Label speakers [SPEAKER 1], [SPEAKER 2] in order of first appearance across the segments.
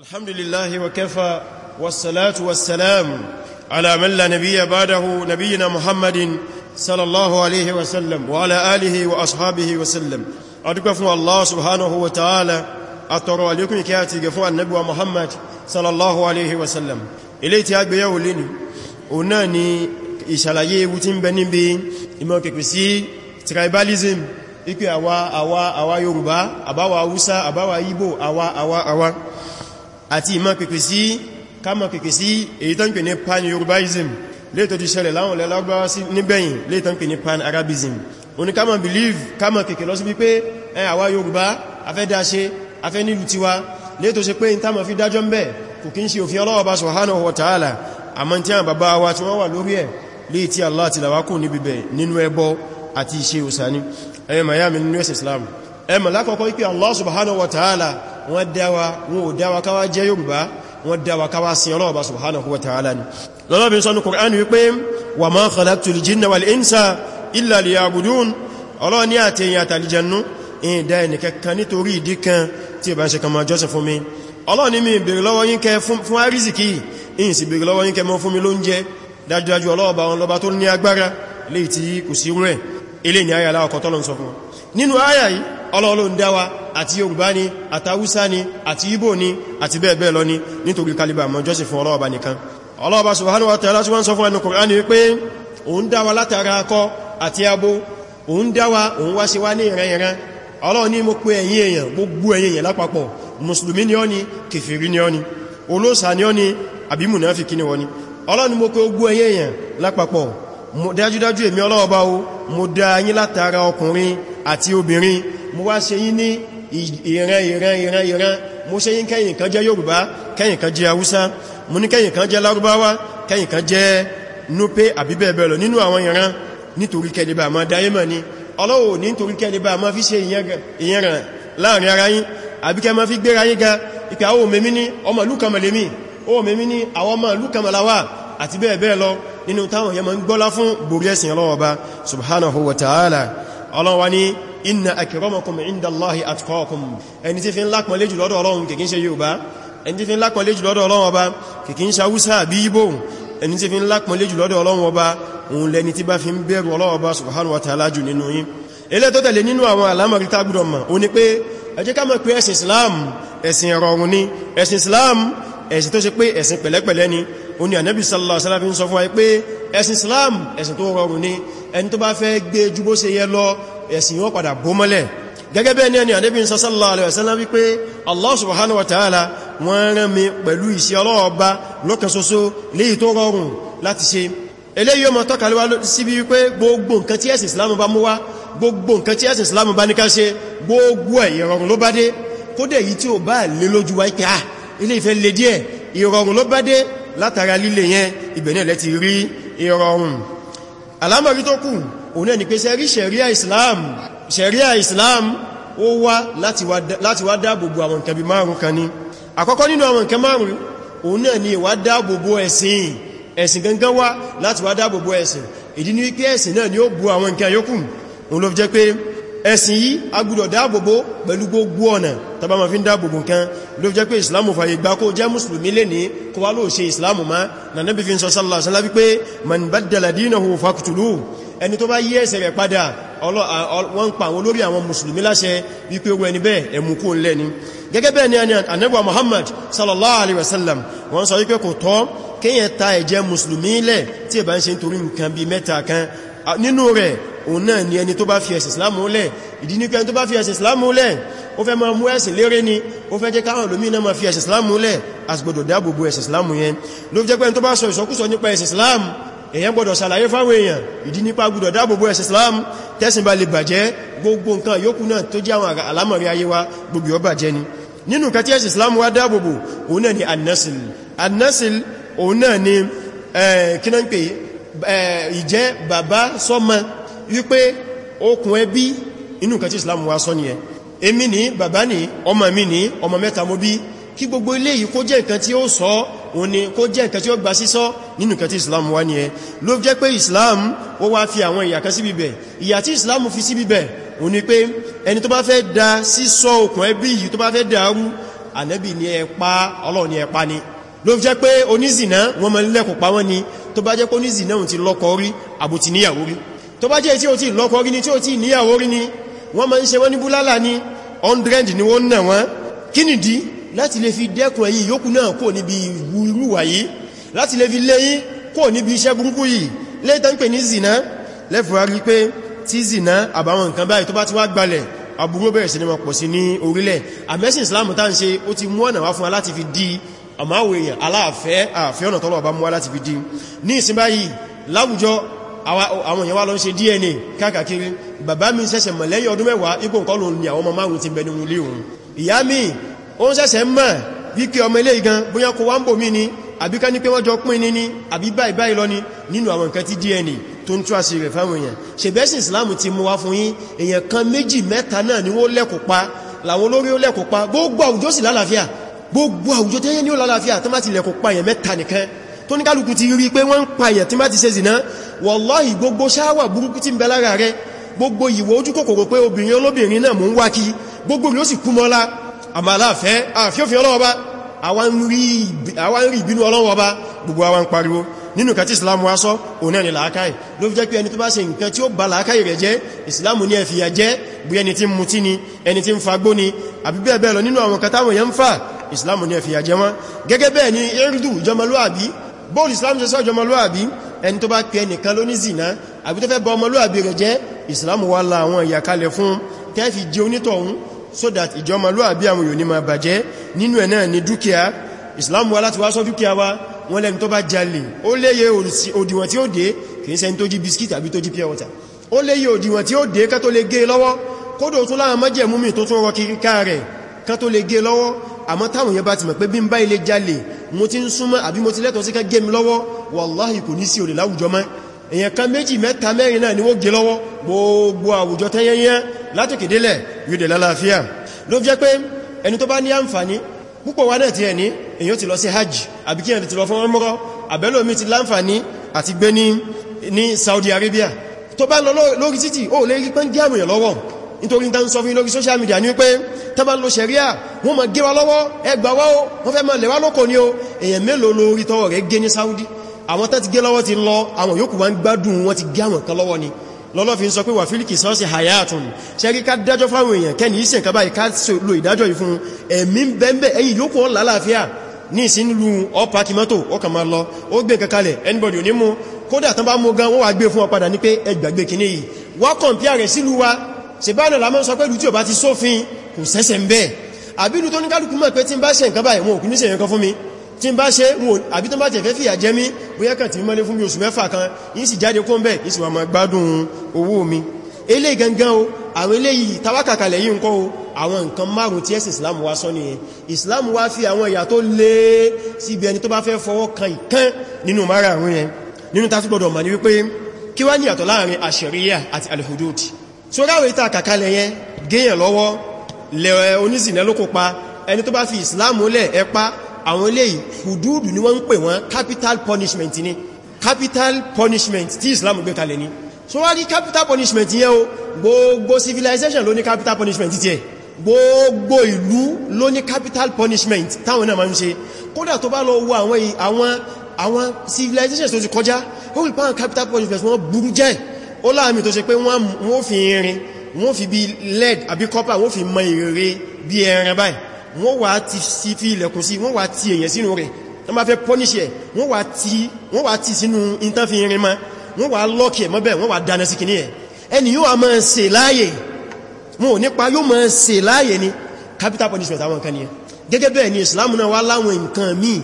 [SPEAKER 1] الحمد لله وكفى والصلاة والسلام على من لا نبي بعده نبينا محمد صلى الله عليه وسلم وعلى آله وأصحابه وسلم أدوك فن الله سبحانه وتعالى أترى لكم كاتي قفوا النبي محمد صلى الله عليه وسلم إليه تياج بيهو لني وناني ìṣàlàyé ewu tí ń bẹ níbi ìmọ̀ kèkè sí tribalism ikú àwa àwa àwa Yorùbá àbáwa Haúsá àbáwa Ìgbò àwa àwa àwa àti ìmọ̀ pèpè sí kámọ̀ pèpè sí èyí tó ń pè ní pan-Yorubáism lè tó ti ṣẹlẹ̀ láwọn ilẹ̀ sí nígbẹ̀yìn lè pè ní pan-Arabism oní kámọ̀ believe kámọ̀ kèkè lọ sí wípé ẹ àwa Yorùbá afẹ́ dáṣe afẹ́ nílùú tiwa lè ṣe pé in támọ̀ fi dájọ́ mbẹ̀ kò ṣe òfin Ọlọ́hun subhanahu wa ta'ala àmọ́ tí àwọn wa tí wọ́n wà lórí Allah ti làwákùn níbi bẹ̀ nínú ẹbọ àti iṣẹ́ Islam ẹ̀mọ̀ lákọ̀ọ́kọ́ ikú Allah subhanahu wa ta'ala wọ́n dáwa wọn ò dáwa káwá jẹ́ Yorùbá wọ́n dáwa káwá sin Ọlọ́run Ọba subhanahu wa ta'ala ni lọ́lọ́bí sọ́nù Kùránì wípé wa ma khalaqtul jinna wal insa illa liya'budun Ọlọ́run ní àtẹ̀yìn àtàlìjẹnú ìdá ẹnìkẹ́kan nítorí ìdí kan tí ìbá ń ṣe kan máa jọ́sìn fún mi Ọlọ́run ní mi bèèrè lọ́wọ́ yín kẹ fún àrísìkí ìyìn sì bèèrè lọ́wọ́ yín kẹ mọ́ fún mi ló ń jẹ àti Yorùbá ni àtàwúsá ni àti Ìbò ni àti bẹ́ẹ̀ bẹ́ẹ̀ lọ ni nítorí kalibà mọ́ jọ́sìn fún ọlọ́ọ̀bá nìkan ọlọ́ọ̀bá subhanahu wa ta'ala tí wọ́n sọ fún wa látara akọ àti abo òun dá wa òun wá sí wá ní ìran ìran Ọlọ́run ní mo pé ẹ̀yin èèyàn gbogbo ẹ̀yin èèyàn lápapọ̀ mùsùlùmí ni ọ́ ni kèfèrí ni ọ́ ni olóòsà ni ọ́ ni àbí mùnáfíkí ni wọ́n dá yín látara ọkùnrin àti obìnrin mo wá ṣe yín ní ìran ìran ìran ìran mo ṣe yí kẹ́yìn kan jẹ́ Yorùbá kẹ́yìn kan jẹ́ Haúsá mo ní kẹ́yìn kan jẹ́ Lárúbáwá kẹ́yìn kan jẹ́ Núpé àbí lọ nínú àwọn ìran nítorí kẹ́lẹ̀bà máa dáyémà ni ọlọ́wọ̀ ní nítorí kẹ́lẹ̀bà máa fi ṣe ìyẹnràn láàrin ara yín àbí kẹ́ máa fi gbéra yín ga ìpẹ́ àwọn òmèmí ní ọmọ lúkàmàlémí òmèmí ní subhanahu wa ta'ala ọlọ́wọ́ inna akramakum inda Allahi atqakum ẹni tí fi ń lápọ̀lé jù lọ́dọ̀ Ọlọ́run kìkín ṣe Yorùbá ẹni tí fi ń lápọ̀lé jù lọ́dọ̀ Ọlọ́run ọba kìkín ṣe Hausa bí Ìgbò ẹni tí fi ń lápọ̀lé jù lọ́dọ̀ Ọlọ́run ọba òun lẹni tí bá fi ń bẹ̀rù Ọlọ́run ọba subhanahu wa ta'ala jù nínú yín ilé tó tẹ̀lé nínú àwọn alámọ̀rí ẹni tó bá fẹ́ gbé ju bó ṣe yẹ lọ ẹ̀sìn wọn padà bó mọ́lẹ̀ gẹ́gẹ́ bẹ́ẹ̀ ni ẹni ànábì sallallahu alaihi wasallam wípé Allah subhanahu wa ta'ala wọ́n rán mi pẹ̀lú ìṣẹ́ ọlọ́ọ̀ba lọ́kan ṣoṣo léyìí tó rọrùn láti ṣe eléyìí ó mọ́ tọ́kàlẹ́wà síbi wípé gbogbo nǹkan tí ẹ̀sìn Islam bá mú wá gbogbo nǹkan tí ẹ̀sìn Islam bá ní ká ṣe gbogbo ẹ̀ ìrọ̀rùn ló bá dé kódà èyí tí ó bá látara líle yẹn ìbẹ̀nẹ̀ lẹ́ti rí ìrọ̀rùn alámọ̀rí tó kù òun náà ni pé sẹ́rí sẹ̀ríà islam sẹ̀ríà islam ó wá láti wá dáàbòbò àwọn nǹkan bí márùn kan ní àkọ́kọ́ nínú àwọn nǹkan márùn òun náà ni wá dáàbòbò ẹ̀sìn ẹ̀sìn gangan wá láti wá dáàbòbò ẹ̀sìn ìdí ni wípé ẹ̀sìn náà ni ó bu àwọn nǹkan yókù òun ló fi jẹ́ pé ẹ̀sìn yìí agbúdọ̀ dáàbòbò pẹ̀lú gbogbo ọ̀nà tàbá ma fi ń dáàbòbò nǹkan ló jẹ́ pé ìsìlámù fàyè gbà kó jẹ́ mùsùlùmí lè ní kó wá ló ṣe ìsìlámù má na nábi fi ń sọ sallallahu alaihi wasallam pé man baddala dinahu faqtuluhu ẹni tó bá yí ẹsẹ̀ rẹ̀ padà wọ́n ń ni a ní ànẹ́bà Muhammad sallallahu alaihi wasallam wọ́n sọ wípé kò tọ́ kíyàn ta ẹ̀jẹ̀ mùsùlùmí lẹ̀ tí ẹ̀bá ń ṣe nítorí nǹkan bí mẹ́ta kan nínú rẹ̀ òun náà ni ẹni tó bá fi ẹ̀sìn Islam múlẹ̀ ìdí ní pé ẹni tó bá fi ẹ̀sìn Islam múlẹ̀ ó fẹ́ máa mú ẹ̀sìn léré ni ó fẹ́ jẹ́ káwọn olómi náà máa fi ẹ̀sìn Islam múlẹ̀ àsìgbọ́dọ̀ dáàbòbò ẹ̀sìn Islam yẹn ló fi jẹ́ pé ẹni tó bá sọ ìsọkúsọ nípa ẹ̀sìn Islam èyàn gbọdọ̀ ṣàlàyé fáwọn èèyàn ìdí nípa gbọdọ̀ dáàbòbò ẹ̀sìn Islam tẹ́sìn bá lè bàjẹ́ gbogbo nǹkan yókù náà tó jẹ́ àwọn àlámọ̀rí ayé wa gbogbo ọba jẹ́ ni nínú nǹkan tí ẹ̀sìn Islam wá dáàbòbò òun náà ni anasil anasil òun náà ni kí náà ń pè ìjẹ́ bàbá sọ́mọ wípé okùn ẹbí inú nǹkan tí Islam wá sọ nìyẹn èmi ní bàbá ní ọmọ mi ní ọmọ mẹ́ta mo bí kí gbogbo ilé yìí kó jẹ́ nǹkan tí ó sọ òun ni kó jẹ́ nǹkan tí ó gba sísọ nínú nǹkan tí Islam wá ní ẹ ló jẹ́ pé Islam ó wá fi àwọn ìyà kan sí bíbẹ̀ ìyà tí Islam fi sí òun ni pé ẹni tó bá fẹ́ da sísọ okùn ẹbí yìí tó bá fẹ́ dàrú ànẹ́bì ni ẹ̀pá Ọlọ́run ni ni ló jẹ́ pé onízìná wọ́n mọ̀ lẹ́kọ̀ọ́ pa wọ́n ni tó bá jẹ́ pé onízìná òun ti lọ́kọ àbòtì níyàwó rí tó bá jẹ́ tí ó ti lọ́kọ rí ni tí ó ti níyàwó rí ni wọ́n ma ń ṣe wọ́n ní búlálà ní 100 ni wọ́n nà wọ́n kí nìdí láti lè fi dẹ́kun ẹ̀yin yòókù náà kò níbi ìwúrúwà yìí láti lè fi lẹ́yìn kò níbi iṣẹ́ burúkú yìí lẹ́tàn pè ní zina lẹ́fùwá rí pé tí zina àbáwọn nǹkan báyìí tó bá ti wá ni ma pọ̀ sí láwùjọ àwọn èèyàn wá lọ ṣe DNA káàkiri bàbá mi ṣẹ̀ṣẹ̀ mọ̀ lẹ́yìn ọdún mẹ́wàá ipò nǹkan lòun ni àwọn ọmọ márùn ti bẹnu ilé òun ìyá mi ó ń ṣẹ̀ṣẹ̀ mọ̀ wípé ọmọ ilé igan bóyá kò wá ń bò mí ni àbí ká ní pé wọ́n jọ pín ní àbí báyìí lọ ni nínú àwọn DNA tó ń tú àṣírí rẹ̀ fáwọn èèyàn ṣèbẹ́sì ìsìláàmù ti mú wá ni wọ́n lẹ́kùn pa làwọn olórí ó lẹ́kùn pa gbogbo àwùjọ sì lálàáfíà gbogbo àwùjọ tẹ́yẹ́ ní ó lálàáfíà tó má ti lẹ́kùn pa èèyàn mẹ́ta nìkan tó ní kálukú ti rí pé wọ́n ń pa èèyàn tí má ti ṣe zìná wàláhì gbogbo ṣáwà burúkú tí ń bẹ lára rẹ gbogbo ìwọ ojú kòkòrò pé obìnrin olóbìnrin náà mú ń wá kí gbogbo mi ó sì kú mọ́lá àmàláfẹ́ àfíòfin ọlọ́wọ́ba àwọn rí ìbínú ọlọ́wọ́ba gbogbo àwọn pariwo nínú kàtí islamu asọ́ òun náà ni làákàí ló fi jẹ́ pé ẹni tó bá ṣe nǹkan tí islamu bí ni ẹni tí ń fagbó ni àbí bẹ́ẹ̀ bẹ́ẹ̀ lọ islamu ní ẹ̀fìyà jẹ́ wọn gẹ́gẹ́ bẹ́ẹ̀ islam ṣe sọ ẹni tó bá pẹ nìkan ló ní zina àbí tó fẹ́ bọ ọmọlúwàbí rẹ̀ jẹ́ Islam wà la àwọn ìyàkalẹ̀ fún tẹ́ fi jẹ onítọ̀hún so that ìjọ ọmọlúwàbí àwọn yóò ní ma bàjẹ́ nínú ẹ̀ náà ni dúkìá Islam wà láti wá ṣọ́ dúkìá wa wọ́n lẹ́ni tó bá jalè ó léye òdìwọ̀n tí ó dé kìí ṣe tó jí biskit àbí tó jí pure water ó léye òdìwọ̀n tí ó dé ká tó lè gé e lọ́wọ́ kódò tún láwọn mọ́jẹ̀mú mi tó tún rọ kiri ká rẹ̀ ká tó lè gé e lọ́wọ́ àmọ́ táwọn yẹn bá ti mọ̀ pé bí ń bá ilé jalè mo ti ń súnmọ́ àbí mo ti lẹ́tọ̀ọ́ sí ká gé mi lọ́wọ́ wallahi kò ní sí olè láwùjọ mọ́ èyàn kan méjì mẹ́ta mẹ́rin náà ni wó gé lọ́wọ́ gbogbo àwùjọ tẹ́yẹnyẹn látòkèdélẹ̀ yóò lálàáfíà ló jẹ́ pé ẹni tó bá ní àǹfààní púpọ̀ wá náà ti ẹni èyàn ti lọ sí hajj àbí kí ẹni ti lọ fún ọmọrọ àbẹ́lòmí ti láǹfààní àti gbé ní Saudi Arabia tó bá lọ lórí títì ó lè rí pẹ́ ń gé àwòyàn lọ́wọ́ nítorí tán sọ fún lórí social media ní wípé tàbá lọ ṣẹ̀ríà wọ́n ma gé lọ́wọ́ ẹgbàwọ́ wọ́n fẹ́ ma lẹ̀wà lókò ní o èyàn mélòó lórí tọ́wọ̀ rẹ̀ gé ní Saudi àwọn tó ti gé lọ́wọ́ ti lọ àwọn yòókù wá ń gbádùn wọn ti gé àwọn kan lọ́wọ́ ni lọ́lọ́ fi ń sọ pé wà fílìkì sọ́ọ̀sì hayatun ṣẹ́rí ká dájọ́ fáwọn èèyàn kẹ́ni ìsẹ̀ kaba ìká lo ìdájọ́ yìí fún ẹ̀mí bẹ́ẹ̀bẹ́ anybody ò ní mú kódà tán bá mú gan wọ́n wà gbé fún ọ padà ní pé ẹgbàgbé kìíní yìí wọ́n kọ̀mpíà rẹ̀ sílùú wa ṣèbáànà lámọ́ sọ pé ìlú tí ò bá tó ní kálùkù mọ̀ pé tí ń bá ṣe nǹkan báyìí wọn ò ní ṣe nǹkan fún mi tí n bá ṣe wọn àbí tó bá tẹ̀ fẹ́ fìyà jẹ mí bóyá kàn tí mọ́ lé fún mi oṣù mẹ́fà kan yìí sì jáde kó ń bẹ̀ yìí sì wà máa gbádùn owó mi eléyìí gangan o àwọn eléyìí tawákàkàlẹ̀ yìí ń kọ́ o àwọn nǹkan márùn tí ẹ̀sìn Islam wá sọ nìyẹn Islam wá fi àwọn ìyà tó lé síbi ẹni tó bá fẹ́ fọwọ́ kan ìkan nínú mara àwọn yẹn nínú tá gbọdọ̀ mọ̀ ní wípé kí wá ní ìyàtọ̀ láàrin àṣẹríyà àti alhudud so ráwẹ̀ ìta kàkàlẹ̀ yẹn gẹ́yàn lọ́wọ́ lẹ̀ onísìnà ló kópa ẹni tó bá fi Islam lẹ̀ ẹpa àwọn eléyìí hùdúdù ni wọ́n ń pè wọ́n capital punishment ni capital punishment tí Islam gbé kalẹ̀ ni so wá rí capital punishment yẹn o gbogbo civilization ló ní capital punishment tiẹ̀ gbogbo ìlú ló ní capital punishment táwọn náà máa ń ṣe kódà tó bá lọ wo àwọn àwọn àwọn tó ti kọjá ó rí pàwọn capital punishment wọ́n burú jẹ́ ó láàmì tó ṣe pé wọ́n fi irin wọ́n fi bí lead àbí copper wọ́n fi mọ ìrere bí ẹran báyìí wọ́n wà ti sí fi ilẹ̀kùn sí wọ́n wà ti èyàn sínú rẹ̀ wọ́n bá fẹ́ pọ́níṣì ẹ̀ wọ́n wà ti sínú ìntán irin ma wọ́n wà lọ́kì mọ́bẹ̀ wọ́n wà dáná sí kìíní ẹ̀ ẹni yóò máa ṣe láàyè wọn nípa yóò máa ṣe láàyè ni capital punishment àwọn nǹkan ni gẹ́gẹ́ ni Islam náà wá láwọn nǹkan míì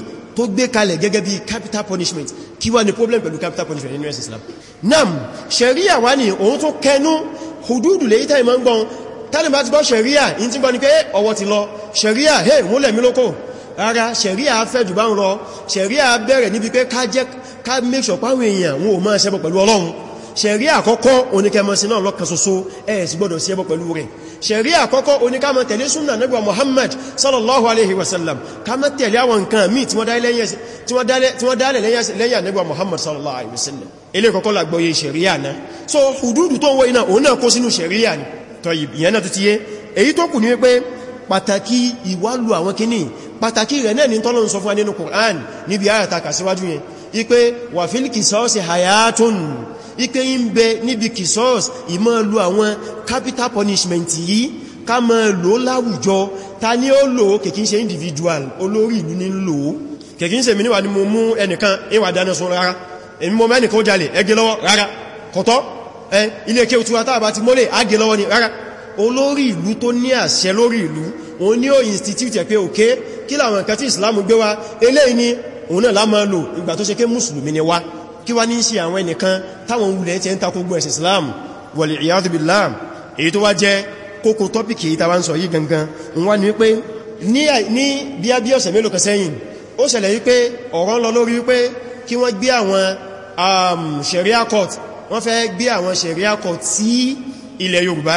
[SPEAKER 1] capital punishment kí wá ní problem pẹ̀lú capital punishment nínú ẹ̀sìn Islam nam sharia wá ní òun hududu lè yíta tẹ́lẹ̀ bá ti gbọ́ ṣẹ̀ríà in ti gbọ́ ni pé ọwọ́ ti lọ ṣẹ̀ríà hey wọ́n lẹ̀mí lókò rárá ṣẹ̀ríà fẹ́ jù bá ń lọ ṣẹ̀ríà bẹ̀rẹ̀ níbi pé ká jẹ́ ká make sure páwọn èèyàn wọn ò máa ṣẹbọ pẹ̀lú ọlọ́run ṣẹ̀ríà àkọ́kọ́ oníkẹmọsí náà lọ́kan ṣoṣo ẹ̀ sì gbọ́dọ̀ ṣẹbọ pẹ̀lú rẹ̀ ṣẹ̀ríà Muhammad sallallahu alaihi wasallam ká mọ́ tẹ̀lé àwọn Muhammad sallallahu alaihi wasallam ilé kọ́kọ́ làgbọ́yé ṣẹ̀ríà náà so hududu tó wọ́ iná òun náà kó sínú ni tọ́yìb ìyẹn náà títí yé èyí tó kù ní wípé pàtàkì ìwálù àwọn kìíní pàtàkì rẹ̀ náà ní tọ́lọ́run sọ fún wa nínú níbi hayatun ipé ń bẹ níbi kìsọ́ọ̀sì ìmọ́ lu àwọn capital punishment yìí ká mọ́ lò láwùjọ ta ní ó lò kèkí ṣe individual olórí ìlú ní lò kèkí ṣe mìíwà ní mo mú ẹnìkan ìwà dáná sun rárá èmi mo mẹ́nìkan ó jalè ẹgbẹ́ lọ́wọ́ rárá kọ̀tọ́ ilé kí o tí wá tàbá ti mọ́lẹ̀ ágẹ lọ́wọ́ ni rárá olórí ìlú tó ní àṣẹ lórí ìlú òun ní ó institute pé òkè kí làwọn nǹkan tí Islam gbé wá eléyìí ni òun náà lámọ́ lò ìgbà tó ṣe ké mùsùlùmí ni wá kí wá ní ṣe àwọn ẹnìkan táwọn wulẹ̀ ti ń takó gbọ́ ẹ̀sìn Islam wal iyadhu billah èyí tó wá jẹ́ kókó tọ́pìkì ìta wá ń sọ yìí gangan ń wá ní wípé ní bí á bí ọ̀sẹ̀ mélòó kan sẹ́yìn ó ṣẹlẹ̀ wípé ọ̀rọ̀ ń um, sharia court wọ́n fẹ́ gbé àwọn ṣẹ̀ríà kọ tí ilẹ̀ Yorùbá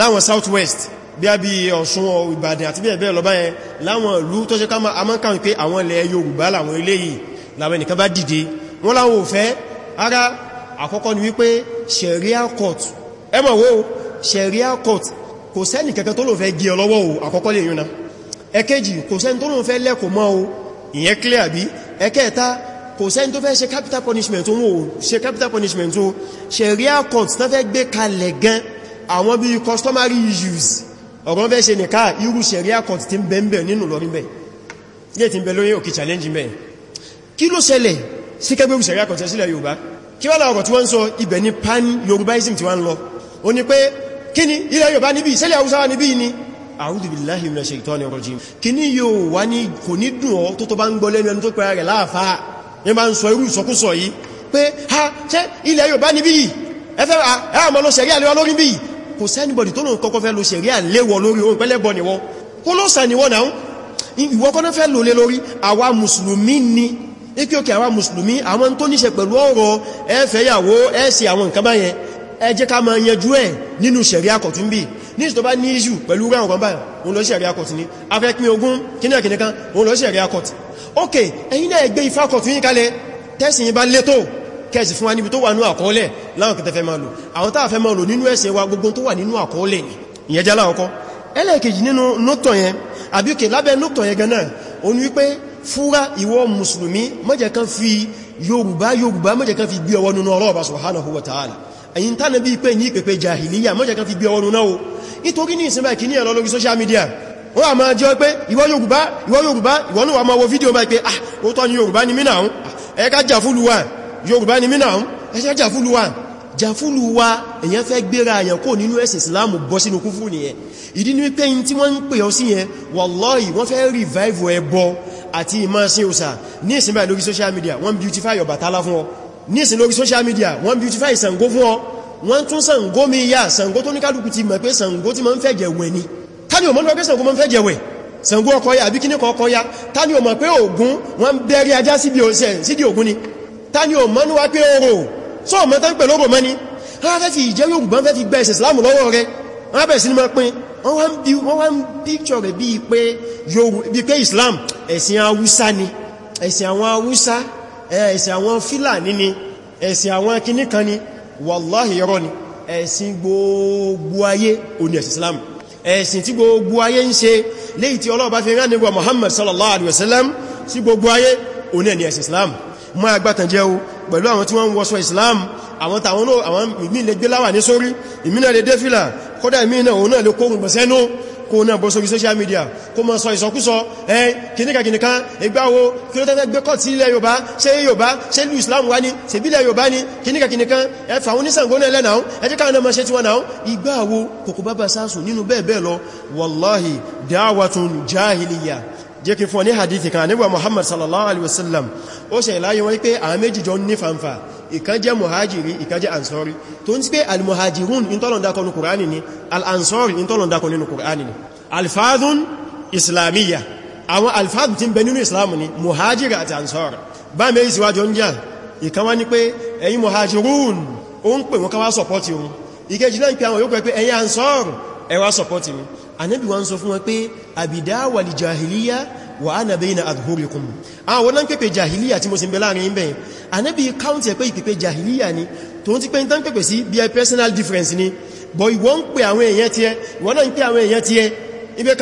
[SPEAKER 1] láwọn southwest bí a bí Ọ̀ṣun Ìbàdàn àti bẹ́ẹ̀ bẹ́ẹ̀ lọ báyẹn láwọn ìlú tó ṣe káàmà amọ́kàn pé àwọn ilẹ̀ Yorùbá láwọn ilé yìí láwọn ẹnìkan bá dìde wọ́n láwọn ò fẹ́ ara àkọ́kọ́ ni wípé ṣẹ̀ríà court ẹ mọ̀ wo ṣẹ̀ríà court kò sẹ́nì kankan tó lò kò sẹ́ni tó fẹ́ ṣe capital punishment òun ò ṣe capital punishment òun sharia court tán fẹ́ gbé kalẹ̀ gan àwọn bí customary issues ọ̀rọ̀ fẹ́ ṣe nìká irú sharia court ti ń bẹ ń bẹ nínú lọ níbẹ̀ ilé ti ń bẹ òkè challenge mẹ́ kí ló ṣẹlẹ̀ sí kẹgbẹ́rù sharia court sílẹ̀ Yorùbá kí wá láwọ̀rọ̀ ní pan Yorùbáism tí wọ́n ń lọ ó ní pé kí ni ilẹ̀ Yorùbá níbi billahi minash shaitani rajim kí ni yóò wá ní kò ní dùn ọ́ tó tó bá ń gbọ́ lẹ́nu ẹni tó pẹ̀rẹ̀ láàfáà ní bá ń sọ irú ìsọkúsọ yìí pé ha ṣe ilẹ̀ yóò bá ní bí ẹfẹ́ àmọ́ ló ṣẹ̀rí àlẹ́wọ́ lórí bí kò sẹ́nibọ̀dì tó lóun kọ́kọ́ fẹ́ ló ṣẹ̀rí àlẹ́wọ̀ lórí ohun pẹ́lẹ́bọ nìwọ kó ló sà níwọ̀ náà ni ikú òkè àwa mùsùlùmí àwọn tó níṣe pẹ̀lú ọ̀rọ̀ ẹ̀fẹ́yàwó ẹ̀sì àwọn nǹkan ní ìṣẹ́ tó bá ní ìṣù pẹ̀lú ráwọn kan báyìí òun lọ sí ẹ̀rí akọ̀tì ní afẹ́pín ogún kíní àkíní kan òun lọ sí ẹ̀rí akọ̀tì ok ẹ̀yin náà ẹgbẹ́ ifá kọ̀tù yín kalẹ̀ tẹ́sìn yín bá létò kẹsì fún wa níbi tó wà nínú àkọọ́lẹ̀ láwọn kẹtẹ fẹ́ máa lò àwọn tá a wa gbogbo tó wà nínú àkọọ́lẹ̀ ìyẹn jẹ́ láwọ́kọ́ ẹlẹ́ẹ̀kejì nínú nótọ̀ yẹn àbí òkè lábẹ́ nótọ̀ yẹn gan-an òun wípé fúra ìwọ mùsùlùmí má jẹ́ kan fi yorùbá yorùbá má ta'ala ẹ̀yin tánàbí pé ní ìpẹ̀pẹ̀ jahiliya má jẹ́ kan fi gbé ọwọ́ náà nítorí ní ìsinmi ìkíní ẹ̀lọ lórí social media wọ́n a máa jẹ́ pé ìwọ Yorùbá ìwọ Yorùbá ìwọ náà wà máa wo fídíò báyìí pé ah òótọ́ ni Yorùbá ni mínà ẹ ká jà fúluwa Yorùbá ni mínà ẹ ká jà fúluwa jà fúluwa èyàn fẹ́ gbéra àyàn kó nínú ẹ̀sìn Islam bọ́ sínú kúfù nìyẹn ìdí ni pé yìí tí wọ́n ń pè ọ sí yẹn wallahi wọ́n fẹ́ revive ẹbọ àti ìmọ̀sìn òsà ní ìsinmi lórí social media wọ́n beautify Ọbàtálá fún ọ ní ìsin lórí social media wọ́n beautify Ṣàngó fún ọ wọ́n tún Ṣàngó mi yá Ṣàngó tó ní kálukú ti mọ̀ pé Ṣàngó tí ma ń fẹ́jẹ̀ wẹ̀ ni tani o mọ̀ pé Ṣàngó ma ń fẹ́jẹ̀ wẹ̀ Ṣàngó ọkọ̀ ya àbí kíní kọ̀ọ̀kọ̀ ya tani o mọ̀ pé Ògún wọ́n bẹ̀rẹ̀ ajá sídi Ògún ni tani o mọ̀ ní wá pé orò sọ ọmọ tán pẹ̀lú orò mọ́ni wọ́n fẹ́ fi ìjẹ́ Yorùbá fẹ́ fi gba ẹ̀sẹ̀ Islam lọ́wọ́ rẹ̀ wọ́n bẹ̀ ni ma pín wọ́n wá ń píkṣọ̀ rẹ̀ bí pé Islam ẹ̀sìn Haúsá ni ẹ̀sìn àwọn Haúsá ẹ̀sìn ni ẹ̀sìn àwọn kìníkan ni wallahi yọrọ ni ẹ̀sìn gbogbo ayé oní ẹ̀sìn islam ẹ̀sìn tí gbogbo ayé ń ṣe léyìí tí Ọlọ́run bá fi rán nígbà Muhammad sallallahu alaihi wasallam sí gbogbo ayé oní islam mọ́ agbátàn jẹ́ o pẹ̀lú àwọn tí wọ́n ń islam àwọn tàwọn náà àwọn ìmí lè gbé láwà ní sórí ìmí náà lè dé fìlà kódà ìmí náà kó náà bọ́ sórí social media kó mọ́ sọ ìsọkúsọ ẹ́n kìníkà kìníkà ìgbáwo kí ló tẹ́fẹ́ gbé kọ́ tí ilẹ̀ Yorùbá ṣe Yorùbá ṣe lu Islam wá ní ṣe bí ilẹ̀ Yorùbá ní kìníkà kìníkà ẹfà àwọn onísàngó náà lẹ́nà ẹjẹ́ káwọn náà ṣe tí wọ́n náà ìgbáwo kòkó bábà sáàsùn nínú bẹ́ẹ̀ bẹ́ẹ̀ lọ wallahi dáwàtún jahiliya jẹ́ kí fún ọ ní hadithi Muhammad sallallahu alaihi wasallam ó ṣe ìláyé wọ́n pé àwọn méjì jọ ní fanfa ìkan jẹ́ muhajiri ìkan jẹ́ ansori tó ń ti pé al-muhajirun in tọ́lọ̀ dákọ̀ ní kùránì ni al-ansori in tọ́lọ̀ dákọ̀ nínú kùránì ni alfadun islamiyya àwọn alfadun ti ń bẹ nínú islamu ni muhajiri àti ansori bá mẹ́ ìsíwájọ́ ń jà ìkan wá ní pé wà ánà bayna adhurikum àwọn ah, náà pẹ̀pẹ̀ jahiliya tí mo sì ń bẹ láàrin ń bẹ̀yìn anẹ́bí káùntì ẹ̀pẹ́ ìpẹ̀pẹ̀ jahiliya ni tó ń ti pẹ́ ń tán pẹ̀pẹ̀ sí bí i personal difference ni bọ̀ ìwọ́n ń pè àwọn èèyàn tí ẹ ìwọ́n náà ń pè àwọn èèyàn tí ẹ ibẹ̀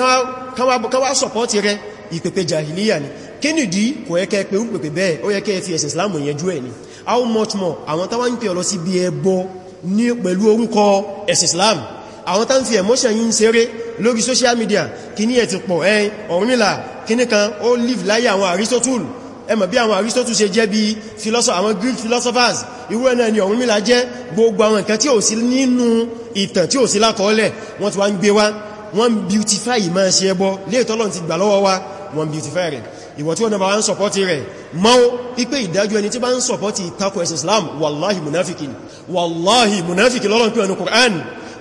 [SPEAKER 1] káwà sọ̀pọ̀tì rẹ ìpẹ̀pẹ̀ jahiliya ni kínìdí kò yẹ kẹ́ pé ó pẹ̀pẹ̀ bẹ́ẹ̀ ó fi ẹ̀sìn how much more àwọn táwọn ń pè ọ lọ sí bí ẹbọ Islam àwọn táwọn fi emotion yìí ń ṣeré lórí social media kíní ẹ̀ ti pọ̀ ẹ́ Ọ̀rúnmìlà kíní kan ó live láyé àwọn Aristotle ẹ mọ̀ bí àwọn Aristotle ṣe jẹ́ bí àwọn Greek philosophers irú ẹ̀nà ni Ọ̀rúnmìlà jẹ́ gbogbo àwọn nǹkan tí ò sí nínú ìtàn tí ò sí lákọọ́lẹ̀ wọ́n ti wá ń gbé wá wọ́n beautify ìmọ̀ ṣe ẹbọ léètọ́lọ́n ti gbà lọ́wọ́ wa wọ́n beautify rẹ̀ ìwọ̀ tí wọ́n náà bá ń sọpọ́tì rẹ̀ mọ́ ipé ìdájú ẹni tí bá ń sọpọ́tì ìtakò ẹ̀sìn Islam wallahi munafiki wallahi munafiki lọ́lọ́n pẹ̀lú Qur'an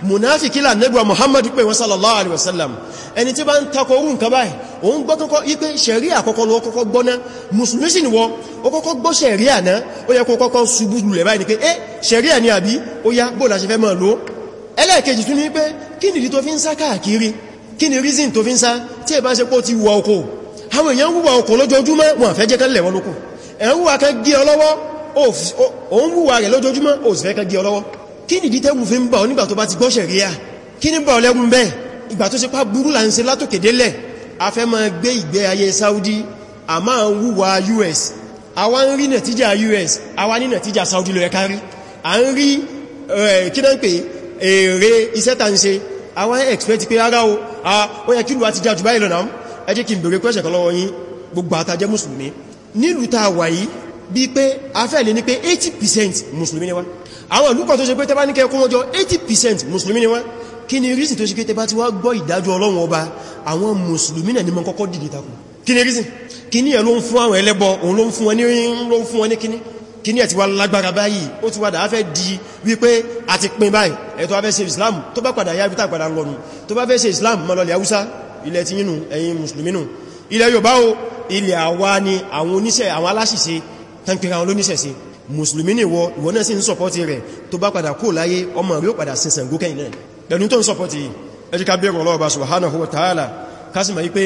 [SPEAKER 1] munafiki la nẹ́gbà muhammad pé wọn sallallahu alaihi wasallam ẹni tí bá ń takorun ka báyìí òun gbọ́ kọ́kọ́ ipé ṣẹ̀ríà kọ́kọ́ lọ kọ́kọ́ gbọ́ná musulmi sì ni wọ́n ó kọ́kọ́ gbọ́ ṣẹ̀ríà náà ó yẹ kọ́kọ́ ṣubú lulẹ̀ báyìí ni pé eh ṣẹ̀ríà ni àbí ó yá bóòlà ṣe fẹ́ mọ́ lò ẹlẹ́ẹ̀kejì tún ní pé kí ni tó fi ń sá káàkiri kí ni reason tó fi ń sá tí ẹ bá ṣe pé ó ti e wọ oko àwọn wúwa rẹ̀ lójoojúmọ́ òsìfẹ́ kan gé ọ kí nìdí tẹ́rù fi ń bà ọ nígbà tó bá ti gbọ́ ṣẹ̀ríà kí ní bà ọ lẹ́rù bẹ́ẹ̀ ìgbà tó ṣe burú là ń ṣe látòkèdélẹ̀ a fẹ́ máa gbé ìgbé ayé Saudi a máa ń wúwa US a wá ń rí nàtíjà US a wá ní nàtíjà Saudi lọ ẹ̀kárí a ń rí kí náà pé èrè iṣẹ́ tà ń ṣe a wá ń expect pé ara o ó yẹ kí lù àti jájú báyìí lọ náà ẹ jẹ́ kí n bèèrè pẹ́ṣẹ̀ kan yín gbogbo àtàjẹ́ mùsùlùmí nílùú ta wà yìí bí pé afẹ́ lè ní pé 80% mùsùlùmí ni wá àwọn ìlú kan tó ṣe pé tẹbá ní kẹkún ọjọ́ 80% musulmi ni wọ́n kí ni reason tó ṣe pé tẹbá ti wá gbọ́ ìdájọ́ Ọlọ́run ọba àwọn musulmi náà ni mọ́ kọ́kọ́ dìde takù kí ni reason kí ni ẹ̀ ló ń fún àwọn ẹlẹ́bọ òun ló ń fún wọn ní ló ń fún wọn ní kíní kí ni ẹ̀ ti wá lágbára báyìí ó ti wá dà á fẹ́ di wípé a ti pin báyìí bá o ilẹ̀ àwa ni àwọn oníṣẹ́ àwọn aláṣìṣe tán àwọn olóníṣẹ́ sí mùsùlùmí ni wọ ìwọ náà sì ń sọpọ́tì rẹ̀ tó bá padà kó láyé ọmọ rí ó padà sin Ṣàngó kẹ́yìn náà pẹ̀lú tó ń sọpọ́tì ẹ jẹ́ ká bẹ̀rù Ọlọ́run bá subhanahu wa ta'ala kásìmọ̀ wípé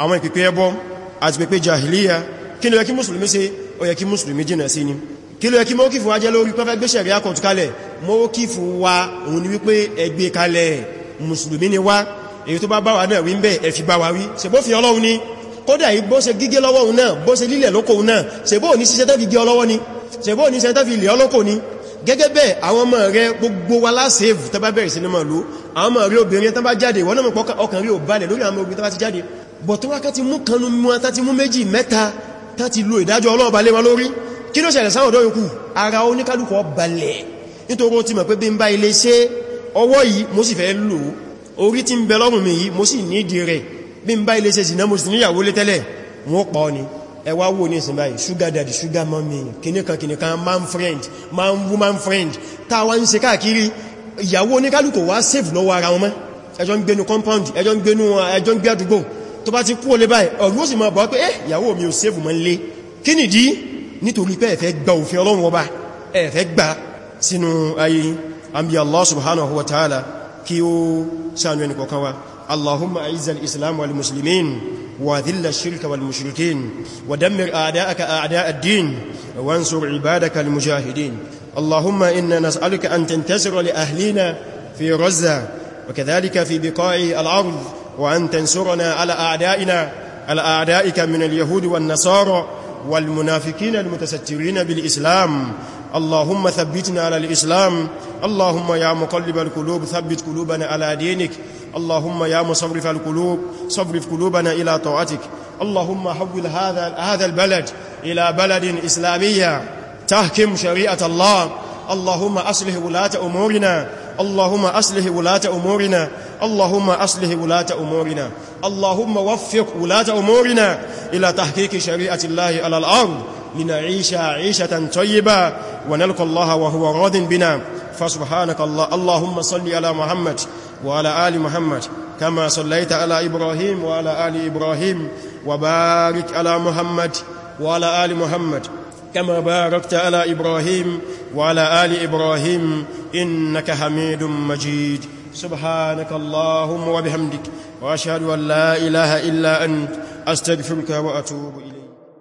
[SPEAKER 1] àwọn ìpìpé ẹbọ àti pẹ̀pẹ̀ jahiliya kí ló yẹ kí mùsùlùmí ṣe ó yẹ kí wa òun ni wípé ẹgbẹ́ kalẹ̀ mùsùlùmí ni wá èyí tó bá bá wa náà wí ń bẹ́ ẹ̀fì bá wa wí ṣèbófin Ọlọ́run ni kódà yìí bó ṣe gígé lọ́wọ́ òun náà bó ṣe lílẹ̀ lókòun náà ṣèbó ní ṣiṣẹ́ tẹ́ fi ọlọ́wọ́ ni ṣẹ̀bọ́ ní sẹ́ntọ́ fi ilẹ̀ ọlọ́kò ní gẹ́gẹ́ bẹ́ẹ̀ àwọn ọmọ rẹ gbogbo wa láṣẹ́ẹ̀fù tàbá bẹ̀rẹ̀ sí ní ló àwọn ọmọ rẹ obìnrin tàbá jáde wọ́n náà ọkàn rí ò balẹ̀ lórí ti jáde lo ìdájọ́ ọlọ́ọ̀bá lé wọn lórí kí ló ṣẹlẹ̀ sáwọn ọ̀dọ́ yòókù ara oníkálùkù balẹ̀ nítorí ó ti mọ̀ pé bí n bá ilé ṣe ọwọ́ yìí mo sì fẹ́ lò orí tí ń bẹ lọ́rùn mi yìí mo sì nídìí rẹ̀ bí n bá ilé ṣe sì náà mo sì níyàwó lé tẹ́lẹ̀ wọ́n pa ọ ẹwà wo ní ìsìn báyìí sugar daddy sugar mommy kìníkan kìníkan man friend man woman friend táwa ń ṣe káàkiri ìyàwó oníkálùkù wá save lọ́wọ́ ara wọn mọ́ ẹjọ́ ń gbénu compound ẹjọ́ ń gbénu ẹjọ́ ń gbé àdúgbò tó bá ti kú olè báyìí ọ̀rọ̀ ó sì máa eh ìyàwó mi ò save mọ́ nlé kí nìdí nítorí pé ẹ fẹ́ gba òfin ọlọ́run ọba Allah subhanahu wa ta'ala kí ó ṣàánú wa Allahumma a'izzal islam wal muslimin وذل الشرك والمشركين ودمر أعداءك أعداء الدين وانصر عبادك المجاهدين اللهم إنا نسألك أن تنتصر لأهلنا في غزة وكذلك في بقاع الأرض وأن تنصرنا على أعدائنا على أعدائك من اليهود والنصارى والمنافقين المتسترين بالإسلام اللهم ثبتنا على الإسلام اللهم يا مقلب القلوب ثبت قلوبنا على دينك اللهم يا مصرف القلوب صرف قلوبنا إلى طاعتك اللهم حول هذا هذا البلد إلى بلد إسلامية تحكم شريعة الله اللهم أصلح ولاة أمورنا اللهم أصلح ولاة أمورنا اللهم أصلح ولاة أمورنا اللهم وفق ولاة أمورنا إلى تحقيق شريعة الله على الأرض لنعيش عيشة طيبة ونلقى الله وهو راض بنا فسبحانك الله اللهم صل على محمد وعلى آل محمد كما صليت على إبراهيم وعلى آل إبراهيم وبارك على محمد وعلى آل محمد كما باركت على إبراهيم وعلى آل إبراهيم إنك حميد مجيد سبحانك اللهم وبحمدك وأشهد أن لا إله إلا أنت أستغفرك وأتوب إليك